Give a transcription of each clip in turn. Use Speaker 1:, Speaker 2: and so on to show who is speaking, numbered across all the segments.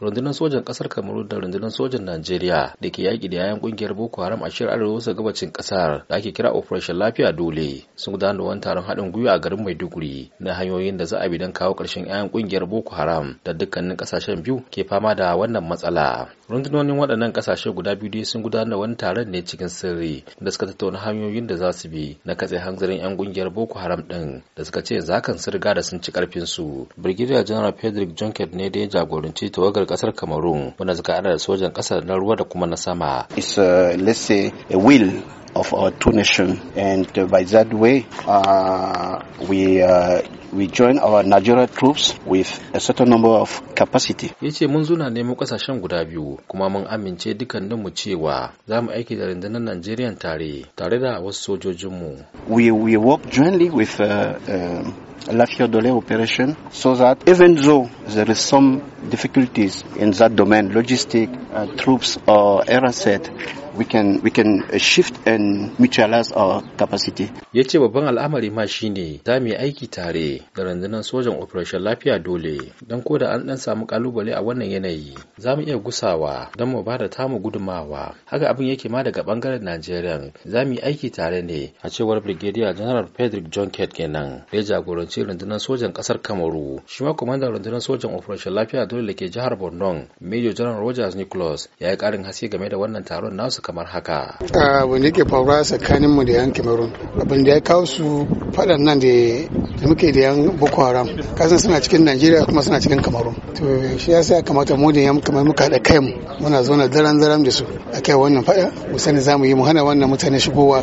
Speaker 1: rundunar sojan kasar kamaru da rundunar sojan najeriya da ke yaƙi da yayan ƙungiyar boko haram a shirar arewa wasu gabacin kasar da ake kira operation lafiya dole sun gudanar da wani taron haɗin gwiwa a garin maiduguri na hanyoyin da za a bi don kawo ƙarshen yayan ƙungiyar boko haram da dukkanin ƙasashen biyu ke fama da wannan matsala rundunonin waɗannan ƙasashe guda biyu dai sun gudanar da wani taron ne cikin sirri da suka tattauna hanyoyin da za su bi na katse hanzarin yan ƙungiyar boko haram ɗin da suka ce zakan sun riga da sun ci ƙarfinsu brigadier general frederick junket ne da ya jagoranci tawagar kasar Cameroon wanda suka hada da sojan kasar na ruwa da kuma na sama.
Speaker 2: It's uh, let's say a will of our two nations and uh, by that way uh, we uh, we join our Nigerian troops with a certain number of capacity.
Speaker 1: Ya ce mun zuna nemo kasashen guda biyu kuma mun amince mu cewa za mu aiki da rundunar Najeriya tare tare da wasu sojojin mu.
Speaker 2: We, we work jointly with uh, uh, Lafayette Dole operation so that even though there is some difficulties in that domain, logistic, uh, troops or air asset, we shift and mutualize our capacity ya ce
Speaker 1: babban al'amari ma shine za mu yi aiki tare da rundunar sojan operation lafiya dole don ko da an dan samu kalubale a wannan yanayi za mu iya gusawa don mu bada tamu gudumawa haka abin yake ma daga bangaren najeriya za mu yi aiki tare ne a cewar brigadier general frederick john kett kenan ya jagoranci rundunar sojan kasar kamaru shi ma kwamandan rundunar sojan operation lafiya dole da ke jihar borno major general rogers nicholas ya yi karin haske game da wannan taron nasu kamar haka.
Speaker 3: a da yake faruwa tsakanin mu da yan Cameroon abin da ya kawo su faɗan nan da da muke da yan boko haram kasan suna cikin najeriya kuma suna cikin kamaru to shi ya sa kamata mu da yan kamar muka haɗa kai mu muna na daren daren da su a kai wannan faɗa mu sani za mu yi mu hana wannan mutane shigowa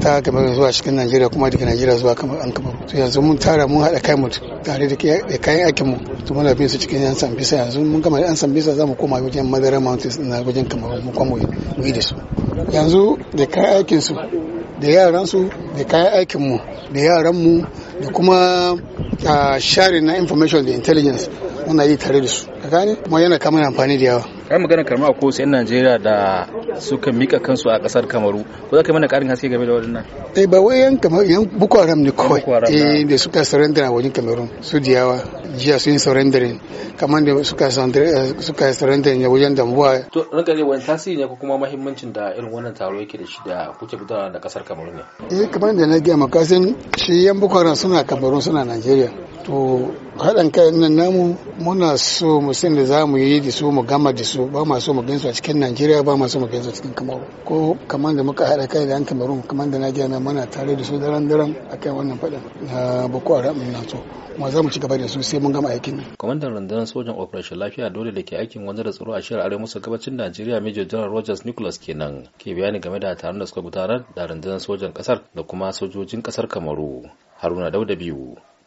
Speaker 3: ta kamar zuwa cikin najeriya kuma daga najeriya zuwa kamar an kamaru to yanzu mun tara mun haɗa kai mu tare da kayan aikin mu to muna bin su cikin yan sambisa yanzu mun gama yan sambisa za mu koma wajen madara mountains na wajen kamaru mu kuma mu yi da su yanzu da kayan aikin su da yaran su da kayan aikin mu da yaran mu da kuma ah, sharing na information da intelligence muna yi tare da su ka gane kuma yana kamar amfani da yawa
Speaker 1: kai magana karma ko sai Najeriya da suka mika kansu a kasar Kamaru ko za ka mana karin haske game da waɗannan
Speaker 3: eh ba wai yan kamar yan Boko Haram ne kawai eh da suka surrender a wajen Kamaru su diyawa jiya sun surrender kamar da suka surrender suka surrender ne wajen Dambuwa
Speaker 1: to ranka ne wani tasiri ne ko kuma muhimmancin da irin wannan taro yake da shi da kuke fitarwa da kasar Kamaru ne
Speaker 3: eh kamar da na ga makasin shi yan Boko Haram suna Kamaru suna Najeriya to haɗin kai nan namu muna so mu san da za mu yi da su mu gama da su ba ma mu gansu a cikin najeriya ba ma mu gansu a cikin kamaru ko kamar da muka haɗa kai da yan kamaru kamar da na muna tare da su daren daren akan wannan faɗin na boko haram na so kuma za mu ci gaba da su sai mun gama aikin nan.
Speaker 1: kwamandan rundunar sojan operation lafiya dole da ke aikin wanzar da tsaro a shirar arewa musu gabacin najeriya major general rogers nicholas kenan ke bayani game da taron da suka gudanar da rundunar sojan kasar da kuma sojojin kasar kamaru haruna dauda biyu